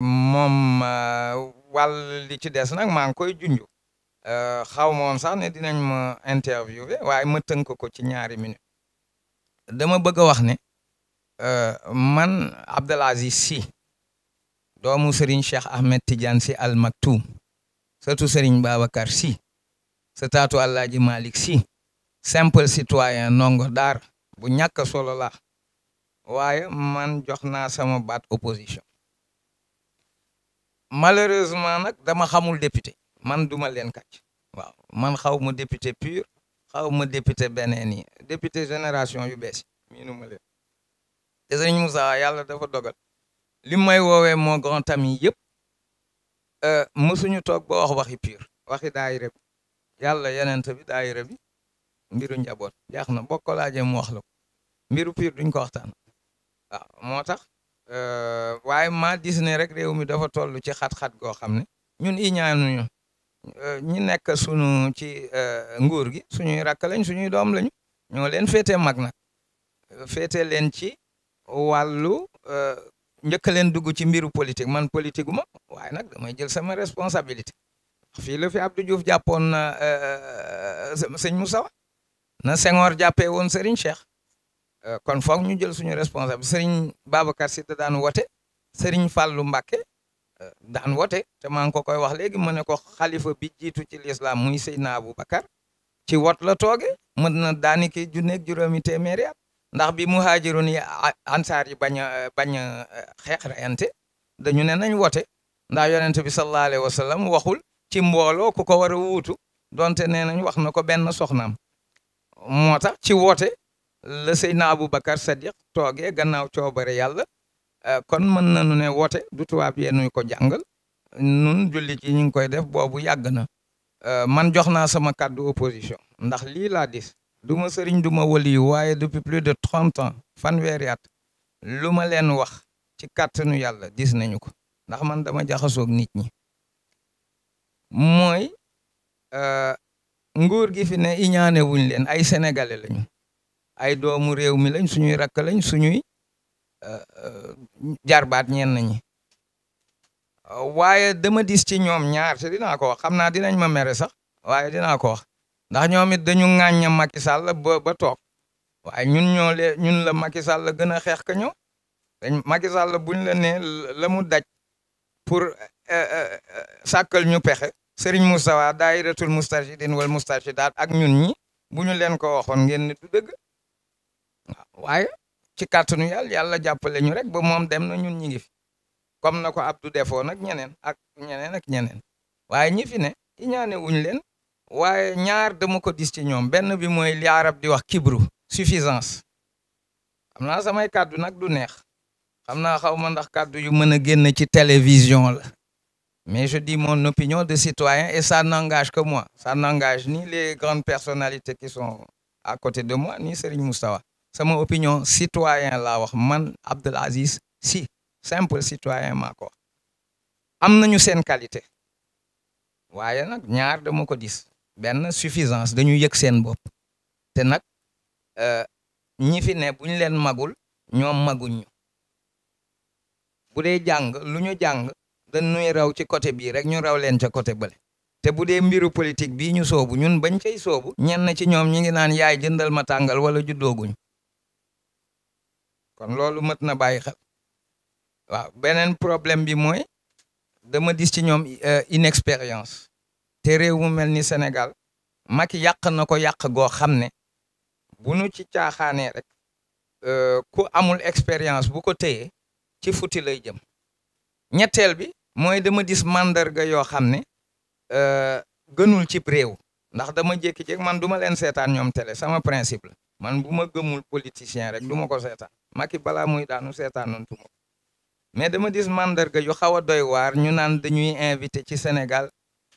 moom euh, wàll li ci des nag maa ngi koy junj euh, xaw ma woon sax ne dinañ ma interviewé waaye ma tënk ko ci ñaari minute dama bëgg a wax ne euh, man Abdel Aziz Sy doomu Serigne Cheikh Ahmed Tidiane si Al Maktoum sëtu Serigne Babacar Sy sëtaatu Alaaji Malick Sy simple citoyen ndongo daara bu ñàkk solo la waaye man jox naa sama baat opposition malheureusement nag dama xamul député man duma leen kàcc waaw man xaw ma député pur xaw ma député beneen yi député génération yu bees yi miinu ma leen te sëñ Moussa yàlla dafa dogal li may woowee moo grand ami yëpp euh, mësuñu toog ba wax waxi pur waxi daayira bi yàlla yeneen bi daayira bi mbiru njaboot jaax na bokk laaje mu wax la ko mbiru pur duñ ko waxtaan Euh, waaye ma gis ne rek réew mi dafa toll ci xat-xat goo xam ne ñun i ñaanuñu euh, ñi nekk suñu ci euh, nguur gi suñuy rakk lañ suñuy doom lañu ñoo leen féete mag nag féete leen ci wàllu njëkk leen dugg ci mbiru politique man politique ma waaye nag damay jël sama responsabilité fii la fi Abdou Diouf jàppoon na sëñ Moussa na Senghor jàppee woon seriñ Cheikh Euh, kon foog ñu jël suñu responsable Serigne Babacar Sy da daan woote Serigne Fallou mbake euh, daan woote te maa ngi ko koy wax léegi mu ne ko xalifa bi jiitu ci lislaam muy Seydina Aboubacar ci wot la tooge mën na daani ki junneeg juróomi téeméeri at ndax bi muhaajiroon yi ansaar yi bañ a euh, xeex reyante dañu ne nañ wote ndax yonent bi sallallahu alayhi wa sallam waxul ci mbooloo ku ko war a wuutu donte nee nañ wax na ko benn soxnaam moo ci woote la Seydina Aboubacar Sadiq toogee gannaaw coobare yàlla eh, kon mën nañu ne woote du tubaab yee nuñ ko jàngal nun jullit yi ñu ngi koy def boobu yàgg na eh, man jox naa sama kaddu opposition ndax lii la dis du ma sëriñ du ma wali waaye depuis plus de trente ans fanweeri at lu ma leen wax ci kàttanu yàlla dis nañu ko ndax man dama jaxasoog nit ñi mooy eh, nguur gi fi ne iñaane wuñ leen ay sénégalais lañu ay doomu réew mi lañ suñuy rakk lañ suñuy euh, euh, jarbaat ñenn ñi waaye dama dis ci ñoom ñaar te dinaa ko wax xam naa dinañ ma mere sax waaye dinaa ko wax ndax ñoom it dañu ŋàñña Macky Sall ba ba toog waaye ñun ñoo lee ñun la Macky la gën a xeex ka ñoom dañ Macky Sall buñ la ne la mu daj pour euh, sàkkal ñu pexe Serigne Moustapha daayiratul Moustarchidine wal Moustarchidaat ak ñun ñi bu ñu leen ko waxoon ngeen ne du dëgg waaye ci kàttanu yàlla yàlla jàppale ñu rek ba moom dem na ñun ñi ngi fi comme na ko Abdou defoo nag ñeneen ak ñeneen ak ñeneen waaye ñi fi ne i leen waaye ñaar dama ko dis ci ñoom benn bi mooy li arab di wax kibru suffisance xam naa samay kàddu nag du neex xam naa xaw ma ndax kaddu yu mën a génn ci télévision la mais je dis mon opinion de citoyen et ça nangage que moi ça nangage ni les grandes personnalités qui sont à côté de moi ni Serigne Moustapha sama opinion citoyen laa wax man Abdoul Aziz Sy simple citoyen maa ko wax am nañu seen qualité waaye nag ñaar dama ko gis benn suffisance dañu yëg seen bopp te nag euh, ñi fi ne leen magul ñoom maguñu bu dee jàng lu ñu jàng dañuy raw ci côté bii rek ñu raw leen ca côté bële te bu dee mbiru politique bii ñu soobu ñun bañ cay soobu ñenn ci ñoom ñi ngi naan yaay jëndal ma tàngal wala juddooguñ kon loolu mët na bàyyi xel waaw beneen problème bi mooy dama dis ci ñoom euh, inexpérience te réew mu mel ni Sénégal Macky yàq na ko yàq goo xam ne bu nu ci caaxaanee rek euh, ku amul expérience bu ko téyee ci futi lay jëm ñetteel bi mooy dama dis mandarga yoo xam ne euh, gënul cib réew ndax dama jékki-jékki man du ma leen seetaan ñoom télé sama principle man bu ma gëmul politicien rek du ma ko seetaan Macky balaa muy daanu seetaanantu ma mais dama gis mandarga yu xaw a doy waar ñu naan dañuy invité ci Sénégal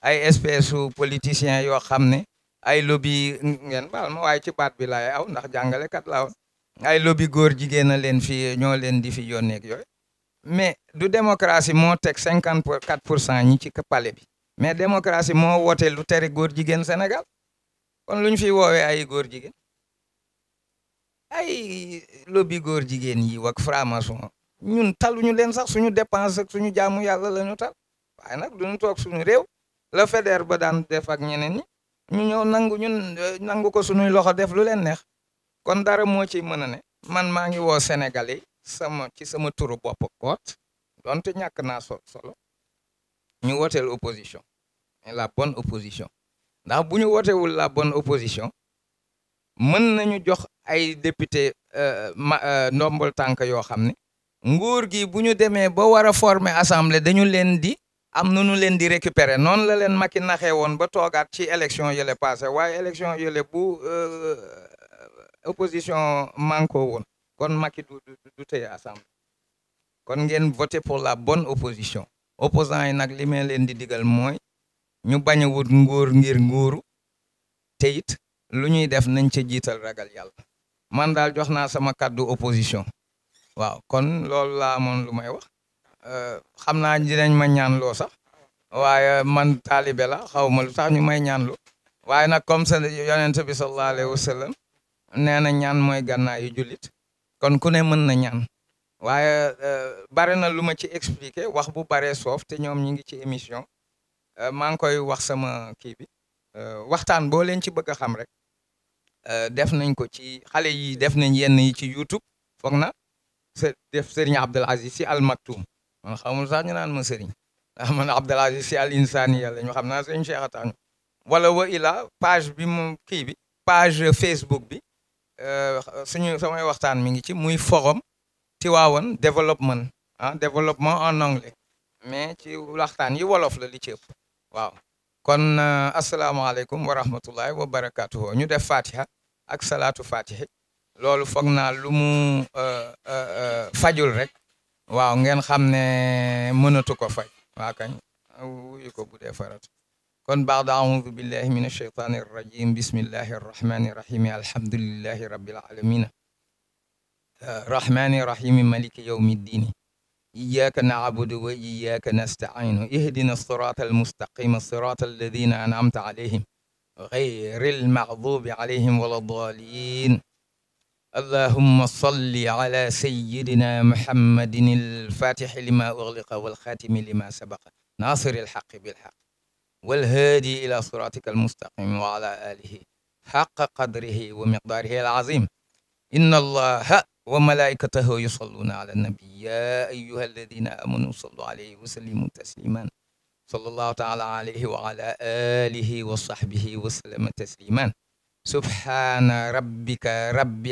ay espèce su politiciens yoo xam ne ay lobby ngeen baal ma waaye ci baat bi lay aw ndax jàngalekat laa woon ay lobby góor jigéen a leen fi ñoo leen di fi yónneeg yooyu mais du démocratie moo teg cinquante quatre pour cent ñi ci pale bi mais démocratie moo woote lu tere góor jigéen senegal kon lu ñu fi woowee ay góor jigéen ay lobby góor jigéen yi wak franc-maçon ñun taluñu leen sax suñu dépense ak suñu jaamu yàlla lañu ñu tal waaye nag duñu toog suñu réew la feder ba daan def ak ñeneen ñi ñu ñëw nangu ñun eh, nangu ko suñuy loxo def lu leen neex kon dara moo ci mën a ne man maa ngi woo Sénégalais sama ci sama turu bopp koot donte ñàkk naa sol solo ñu wooteel opposition mais la bonne opposition ndax bu ñu wootewul la bonne opposition mën nañu jox ay député euh, ma euh, ndombol tànk yoo xam ne nguur gi bu ñu demee ba war a former assemblée dañu leen di am nu ñu leen di récupérer noonu la leen Macky naxee woon ba toogaat ci élection yële passé waaye élection yële bu euh, opposition manko woon kon Macky du du tëye kon ngeen voté pour la bonne opposition opposant yi nag li may leen di digal mooy ñu bañ wut nguur ngir nguuru te lu ñuy def nañ ca jiital ragal yàlla man daal jox naa sama kàddu opposition waaw kon loolu laa amoon lu may wax euh, xam naa dinañ ma ñaan loo sax waaye man taalibe la xaw lu tax ñu may ñaan loo waaye nag comme sa yonent bi sallallahu alayhi wa sallam nee na ñaan mooy gànnaayu julit kon ku ne mën na ñaan waaye euh, bare na lu ma ci expliquer wax bu baree soof te ñoom ñi ngi ci émission euh, maa ngi koy wax sama kii bi waxtaan boo leen ci bëgg a xam rek Euh, def nañ ko ci xale yi def nañ yenn yi ci YouTube foog na def Serigne Abdel Aziz Sy Al Maktoum man xamul sax ñu naan ma Serigne ndax man Abdel Aziz Sy Al Insani yàlla ñu xam naa Serigne Cheikh Atane wala wa ila page bi mu kii bi page Facebook bi euh, suñu samay waxtaan mi ngi ci muy forum Tivaouane développement ah développement en anglais mais ci waxtaan yi wolof la li ci kon euh, asalaamaaleykum wa rahmatullahi wa ñu def fatiha ak salaatu fatihi loolu foog naa lu mu euh, euh, fajul rek waaw ngeen xam ne mënatu ko faj waa kañ wuyu ko bu dee farat kon baax da audu billahi min alsheytaani arrajim bismillahi arrahmani irrahimi alhamdulillahi rabbil alamina rahmani irrahimi maliki yawmi ddiini إياك نعبد وإياك نستعين اهدنا الصراط المستقيم صراط الذين أنعمت عليهم غير المغضوب عليهم ولا الضالين اللهم صل على سيدنا محمد الفاتح لما أغلق والخاتم لما سبق ناصر الحق بالحق والهادي إلى صراطك المستقيم وعلى آله حق قدره ومقداره العظيم إن الله wa malaikatahu yusalluna ala nabi ya ayuha alladina amanu sallu alayhi wa sallimu tasliman sallallahu taala alayhi wa ala alihi wa sahbihi wa sallama tasliman subhana rabbika rabbi